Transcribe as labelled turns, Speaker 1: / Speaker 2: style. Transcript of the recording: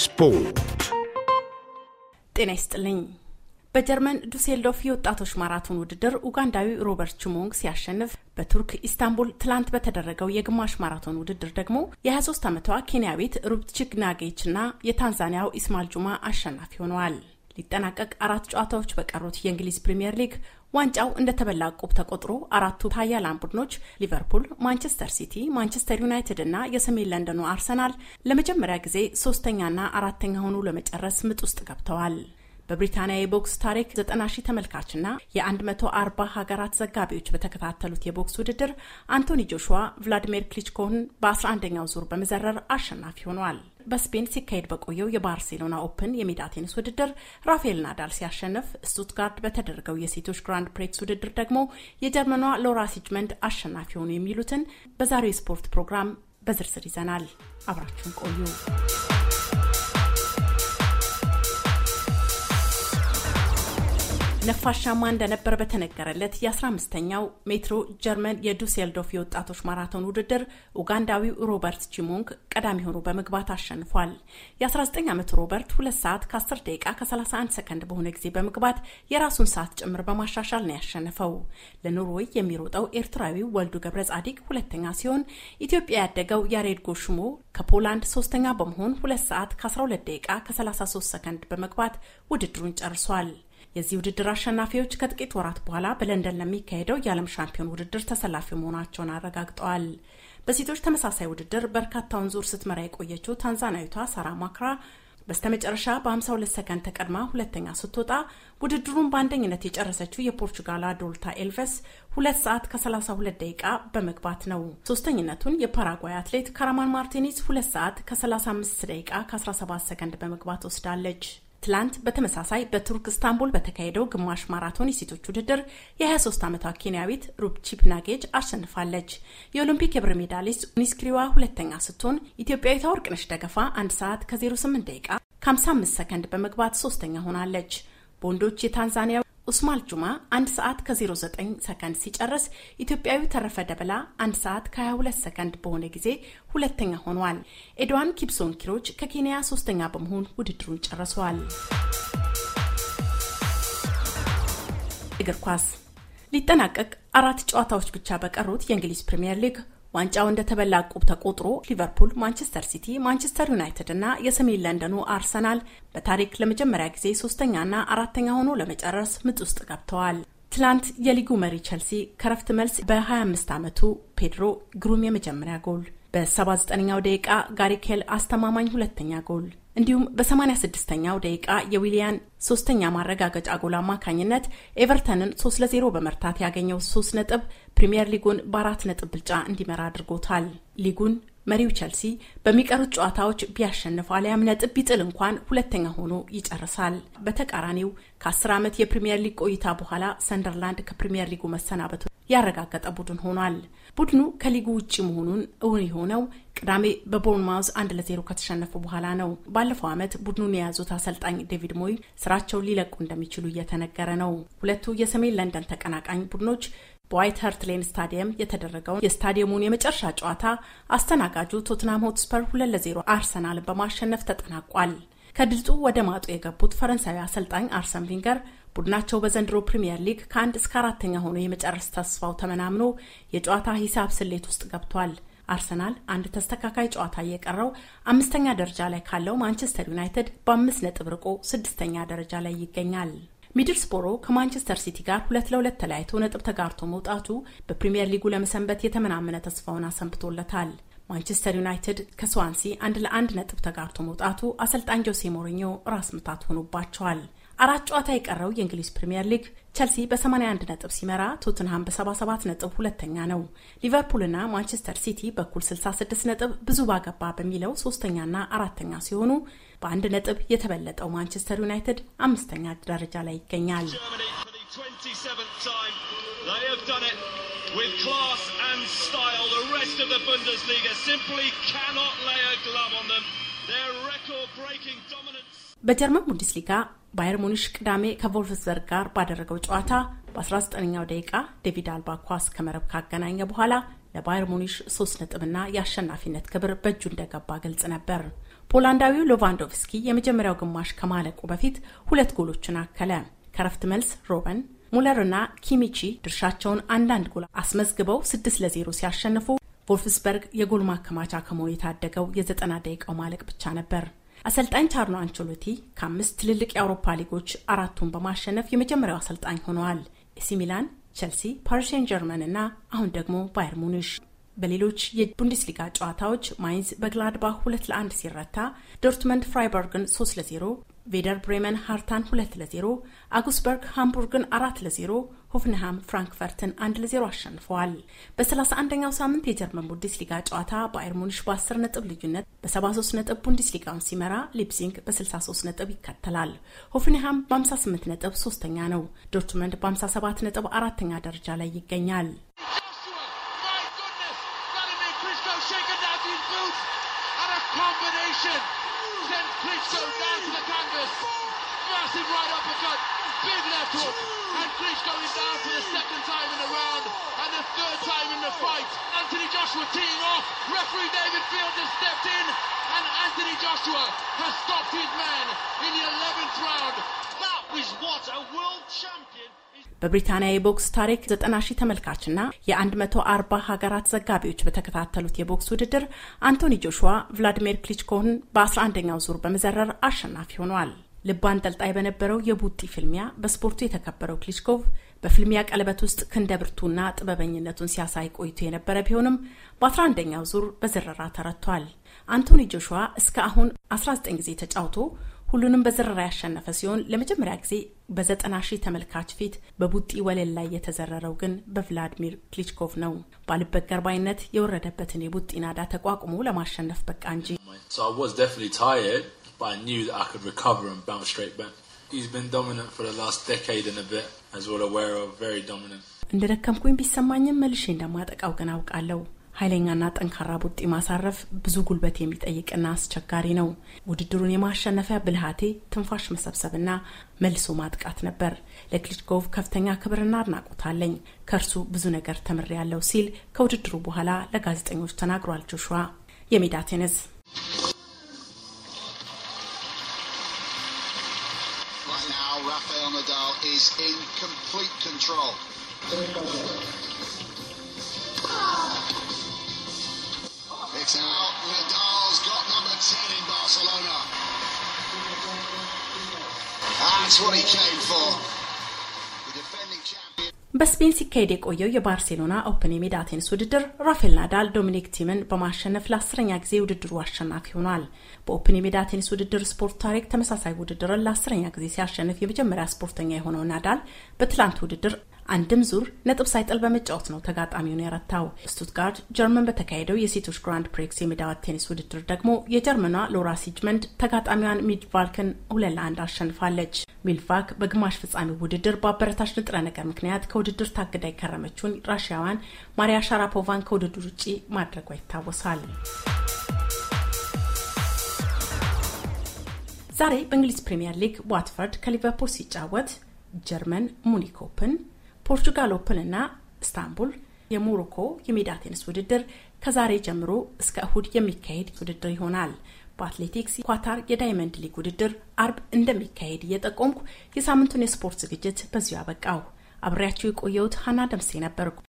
Speaker 1: ስፖርት ጤና ይስጥልኝ። በጀርመን ዱሴልዶፍ የወጣቶች ማራቶን ውድድር ኡጋንዳዊ ሮበርት ቺሞንግ ሲያሸንፍ በቱርክ ኢስታንቡል ትላንት በተደረገው የግማሽ ማራቶን ውድድር ደግሞ የ23 ዓመቷ ኬንያዊት ሩብችግ ናጌች እና የታንዛኒያው ኢስማል ጁማ አሸናፊ ሆነዋል። ሊጠናቀቅ አራት ጨዋታዎች በቀሩት የእንግሊዝ ፕሪምየር ሊግ ዋንጫው እንደተበላ ቁብ ተቆጥሮ አራቱ ታያላን ቡድኖች ሊቨርፑል፣ ማንቸስተር ሲቲ፣ ማንቸስተር ዩናይትድ እና የሰሜን ለንደኑ አርሰናል ለመጀመሪያ ጊዜ ሶስተኛና አራተኛ ሆኑ ለመጨረስ ምጥ ውስጥ ገብተዋል። በብሪታንያ የቦክስ ታሪክ 90 ሺህ ተመልካችና የ140 ሀገራት ዘጋቢዎች በተከታተሉት የቦክስ ውድድር አንቶኒ ጆሹዋ ቭላዲሚር ክሊችኮን በ11ኛው ዙር በመዘረር አሸናፊ ሆኗል። በስፔን ሲካሄድ በቆየው የባርሴሎና ኦፕን የሜዳ ቴኒስ ውድድር ራፋኤል ናዳል ሲያሸንፍ ስቱትጋርድ በተደረገው የሴቶች ግራንድ ፕሬክስ ውድድር ደግሞ የጀርመኗ ሎራ ሲጅመንድ አሸናፊ ሆኑ የሚሉትን በዛሬው የስፖርት ፕሮግራም በዝርዝር ይዘናል። አብራችሁን ቆዩ። ነፋሻማ እንደነበር በተነገረለት የ15ኛው ሜትሮ ጀርመን የዱሴልዶፍ የወጣቶች ማራቶን ውድድር ኡጋንዳዊው ሮበርት ቺሞንክ ቀዳሚ ሆኖ በመግባት አሸንፏል። የ19 ዓመቱ ሮበርት 2 ሰዓት ከ10 ደቂቃ ከ31 ሰከንድ በሆነ ጊዜ በመግባት የራሱን ሰዓት ጭምር በማሻሻል ነው ያሸነፈው። ለኖርዌይ የሚሮጠው ኤርትራዊው ወልዱ ገብረ ጻዲቅ ሁለተኛ ሲሆን ኢትዮጵያ ያደገው ያሬድ ጎሽሞ ከፖላንድ ሶስተኛ በመሆን 2 ሰዓት ከ12 ደቂቃ ከ33 ሰከንድ በመግባት ውድድሩን ጨርሷል። የዚህ ውድድር አሸናፊዎች ከጥቂት ወራት በኋላ በለንደን ለሚካሄደው የዓለም ሻምፒዮን ውድድር ተሰላፊ መሆናቸውን አረጋግጠዋል። በሴቶች ተመሳሳይ ውድድር በርካታውን ዙር ስትመራ የቆየችው ታንዛናዊቷ ሳራ ማክራ በስተመጨረሻ በ52 ሰከንድ ተቀድማ ሁለተኛ ስትወጣ ውድድሩን በአንደኝነት የጨረሰችው የፖርቹጋላ ዶልታ ኤልቨስ ሁለት ሰዓት ከ32 ደቂቃ በመግባት ነው። ሶስተኝነቱን የፓራጓይ አትሌት ካራማን ማርቲኒስ ሁለት ሰዓት ከ35 ደቂቃ ከ17 ሰከንድ በመግባት ወስዳለች። ትላንት በተመሳሳይ በቱርክ ስታንቡል በተካሄደው ግማሽ ማራቶን የሴቶች ውድድር የ23 ዓመቷ ኬንያዊት ሩብ ናጌጅ አሸንፋለች። የኦሎምፒክ የብር ሜዳሊስት ኒስክሪዋ ሁለተኛ ስትሆን ኢትዮጵያዊቷ ወርቅነሽ ደገፋ 1 ሰዓት ከ08 ደቂቃ ከ55 ሰከንድ በመግባት ሶስተኛ ሆናለች። በወንዶች የታንዛኒያ ኡስማል ጁማ አንድ ሰዓት ከ09 ሰከንድ ሲጨርስ ኢትዮጵያዊ ተረፈ ደበላ አንድ ሰዓት ከ22 ሰከንድ በሆነ ጊዜ ሁለተኛ ሆኗል። ኤድዋን ኪፕሶን ኪሮች ከኬንያ ሶስተኛ በመሆን ውድድሩን ጨርሰዋል። እግር ኳስ ሊጠናቀቅ አራት ጨዋታዎች ብቻ በቀሩት የእንግሊዝ ፕሪምየር ሊግ ዋንጫው እንደተበላ ቁብ ተቆጥሮ ሊቨርፑል፣ ማንቸስተር ሲቲ፣ ማንቸስተር ዩናይትድ እና የሰሜን ለንደኑ አርሰናል በታሪክ ለመጀመሪያ ጊዜ ሶስተኛና አራተኛ ሆኖ ለመጨረስ ምጥ ውስጥ ገብተዋል። ትላንት የሊጉ መሪ ቸልሲ ከረፍት መልስ በ25 ዓመቱ ፔድሮ ግሩም የመጀመሪያ ጎል በ79ኛው ደቂቃ ጋሪኬል አስተማማኝ ሁለተኛ ጎል እንዲሁም በ86ኛው ደቂቃ የዊሊያን ሶስተኛ ማረጋገጫ ጎል አማካኝነት ኤቨርተንን 3 ለ0 በመርታት ያገኘው 3 ነጥብ ፕሪምየር ሊጉን በአራት ነጥብ ብልጫ እንዲመራ አድርጎታል። ሊጉን መሪው ቸልሲ በሚቀሩት ጨዋታዎች ቢያሸንፍ አሊያም ነጥብ ቢጥል እንኳን ሁለተኛ ሆኖ ይጨርሳል። በተቃራኒው ከአስር ዓመት የፕሪምየር ሊግ ቆይታ በኋላ ሰንደርላንድ ከፕሪምየር ሊጉ መሰናበቱ ያረጋገጠ ቡድን ሆኗል። ቡድኑ ከሊጉ ውጭ መሆኑን እውን የሆነው ቅዳሜ በቦርንማውዝ አንድ ለዜሮ ከተሸነፉ በኋላ ነው። ባለፈው ዓመት ቡድኑን የያዙት አሰልጣኝ ዴቪድ ሞይ ስራቸውን ሊለቁ እንደሚችሉ እየተነገረ ነው። ሁለቱ የሰሜን ለንደን ተቀናቃኝ ቡድኖች በዋይት ሀርት ሌን ስታዲየም የተደረገውን የስታዲየሙን የመጨረሻ ጨዋታ አስተናጋጁ ቶትናም ሆትስፐር ሁለት ለዜሮ አርሰናልን በማሸነፍ ተጠናቋል። ከድልጡ ወደ ማጡ የገቡት ፈረንሳዊ አሰልጣኝ አርሰን ቪንገር ቡድናቸው በዘንድሮ ፕሪምየር ሊግ ከአንድ እስከ አራተኛ ሆኖ የመጨረስ ተስፋው ተመናምኖ የጨዋታ ሂሳብ ስሌት ውስጥ ገብቷል። አርሰናል አንድ ተስተካካይ ጨዋታ እየቀረው አምስተኛ ደረጃ ላይ ካለው ማንቸስተር ዩናይትድ በአምስት ነጥብ ርቆ ስድስተኛ ደረጃ ላይ ይገኛል። ሚድልስቦሮ ከማንቸስተር ሲቲ ጋር ሁለት ለሁለት ተለያይቶ ነጥብ ተጋርቶ መውጣቱ በፕሪምየር ሊጉ ለመሰንበት የተመናመነ ተስፋውን አሰንብቶለታል። ማንቸስተር ዩናይትድ ከስዋንሲ አንድ ለአንድ ነጥብ ተጋርቶ መውጣቱ አሰልጣኝ ጆሴ ሞሪኞ ራስ ምታት ሆኖባቸዋል። አራት ጨዋታ የቀረው የእንግሊዝ ፕሪምየር ሊግ ቸልሲ በ81 ነጥብ ሲመራ ቶትንሃም በ77 ነጥብ ሁለተኛ ነው። ሊቨርፑልና ማንቸስተር ሲቲ በኩል 66 ነጥብ ብዙ ባገባ በሚለው ሶስተኛና አራተኛ ሲሆኑ በአንድ ነጥብ የተበለጠው ማንቸስተር ዩናይትድ አምስተኛ ደረጃ ላይ ይገኛል። በጀርመን ቡንደስሊጋ ባየር ሙኒሽ ቅዳሜ ከቮልፍስበርግ ጋር ባደረገው ጨዋታ በ19ኛው ደቂቃ ዴቪድ አልባ ኳስ ከመረብ ካገናኘ በኋላ ለባየር ሙኒሽ ሶስት ነጥብና የአሸናፊነት ክብር በእጁ እንደገባ ግልጽ ነበር። ፖላንዳዊው ሎቫንዶቭስኪ የመጀመሪያው ግማሽ ከማለቁ በፊት ሁለት ጎሎችን አከለ። ከረፍት መልስ ሮበን ሙለርና ኪሚቺ ድርሻቸውን አንዳንድ ጎል አስመዝግበው 6 ለ ለዜሮ ሲያሸንፉ ቮልፍስበርግ የጎል ማከማቻ ከመሆኑ የታደገው የዘጠና ደቂቃው ማለቅ ብቻ ነበር። አሰልጣኝ ካርሎ አንቸሎቲ ከአምስት ትልልቅ የአውሮፓ ሊጎች አራቱን በማሸነፍ የመጀመሪያው አሰልጣኝ ሆነዋል። ኤሲ ሚላን፣ ቸልሲ፣ ፓሪሴን ጀርመን እና አሁን ደግሞ ባየር ሙኒሽ። በሌሎች የቡንደስሊጋ ጨዋታዎች ማይንዝ በግላድባህ ሁለት ለአንድ ሲረታ ዶርትመንድ ፍራይበርግን ሶስት ለዜሮ ቬደር ብሬመን ሃርታን 2 ለ0፣ አጉስበርግ ሃምቡርግን 4 ለ0፣ ሆፍንሃም ፍራንክፈርትን 1 ለ0 አሸንፈዋል። በ31ኛው ሳምንት የጀርመን ቡንደስሊጋ ጨዋታ ባየር ሙኒሽ በ10 ነጥብ ልዩነት በ73 ነጥብ ቡንደስሊጋውን ሲመራ፣ ሊፕዚንግ በ63 ነጥብ ይከተላል። ሆፍንሃም በ58 ነጥብ ሶስተኛ ነው። ዶርትመንድ በ57 ነጥብ አራተኛ ደረጃ ላይ ይገኛል። second time in the round and the third time in the fight. Anthony Joshua teeing off. Referee David Field has stepped in and Anthony Joshua has stopped his man in the 11th round. That was what a world champion በብሪታንያ የቦክስ ታሪክ 90 ሺህ ተመልካችና የ140 ሀገራት ዘጋቢዎች በተከታተሉት የቦክስ ውድድር አንቶኒ ጆሹዋ ቭላዲሚር ክሊችኮን በ11ኛው ዙር በመዘረር አሸናፊ ሆኗል። ልብ አንጠልጣይ በነበረው የቡጢ ፍልሚያ በስፖርቱ የተከበረው ክሊችኮቭ በፍልሚያ ቀለበት ውስጥ ክንደ ብርቱና ጥበበኝነቱን ሲያሳይ ቆይቶ የነበረ ቢሆንም በ11ኛው ዙር በዝረራ ተረቷል። አንቶኒ ጆሹዋ እስከ አሁን 19 ጊዜ ተጫውቶ ሁሉንም በዝረራ ያሸነፈ ሲሆን ለመጀመሪያ ጊዜ በዘጠና ሺህ ተመልካች ፊት በቡጢ ወለል ላይ የተዘረረው ግን በቭላዲሚር ክሊችኮቭ ነው። ባልበገር ባይነት የወረደበትን የቡጢ ናዳ ተቋቁሞ ለማሸነፍ በቃ እንጂ but I knew that I could recover and bounce straight back. He's been dominant for the last decade and a bit, as well aware of, very dominant. እንደ ደከምኩኝ ቢሰማኝም መልሼ እንደማጠቃው ግን አውቃለሁ። ኃይለኛና ጠንካራ ቡጢ ማሳረፍ ብዙ ጉልበት የሚጠይቅና አስቸጋሪ ነው። ውድድሩን የማሸነፊያ ብልሃቴ ትንፋሽ መሰብሰብና መልሶ ማጥቃት ነበር። ለክሊችኮቭ ከፍተኛ ክብርና አድናቆት አለኝ። ከእርሱ ብዙ ነገር ተምሬያለሁ ሲል ከውድድሩ በኋላ ለጋዜጠኞች ተናግሯል። ጆሹዋ የሜዳ ቴኒስ Rafael Nadal is in complete control. It's out. Nadal's got number 10 in Barcelona. That's what he came for. በስፔን ሲካሄድ የቆየው የባርሴሎና ኦፕን የሜዳ ቴኒስ ውድድር ራፌል ናዳል ዶሚኒክ ቲምን በማሸነፍ ለአስረኛ ጊዜ ውድድሩ አሸናፊ ሆኗል። በኦፕን የሜዳ ቴኒስ ውድድር ስፖርት ታሪክ ተመሳሳይ ውድድርን ለአስረኛ ጊዜ ሲያሸንፍ የመጀመሪያ ስፖርተኛ የሆነው ናዳል በትላንት ውድድር አንድም ዙር ነጥብ ሳይጥል በመጫወት ነው ተጋጣሚውን ያረታው። ስቱትጋርድ ጀርመን በተካሄደው የሴቶች ግራንድ ፕሬክስ የሜዳ ቴኒስ ውድድር ደግሞ የጀርመኗ ሎራ ሲጅመንድ ተጋጣሚዋን ሚድቫልክን ሁለት ለአንድ አሸንፋለች። ሚልቫክ በግማሽ ፍጻሜ ውድድር በአበረታች ንጥረ ነገር ምክንያት ከውድድር ታግዳ የከረመችውን ራሽያዋን ማሪያ ሻራፖቫን ከውድድር ውጪ ማድረጓ ይታወሳል። ዛሬ በእንግሊዝ ፕሪምየር ሊግ ዋትፈርድ ከሊቨርፑል ሲጫወት ጀርመን ሙኒክ ኦፕን ፖርቹጋል ኦፕን እና ኢስታንቡል የሞሮኮ የሜዳ ቴኒስ ውድድር ከዛሬ ጀምሮ እስከ እሁድ የሚካሄድ ውድድር ይሆናል። በአትሌቲክስ ኳታር የዳይመንድ ሊግ ውድድር አርብ እንደሚካሄድ እየጠቆምኩ የሳምንቱን የስፖርት ዝግጅት በዚሁ አበቃው። አብሬያችሁ የቆየሁት ሀና ደምሴ ነበርኩ።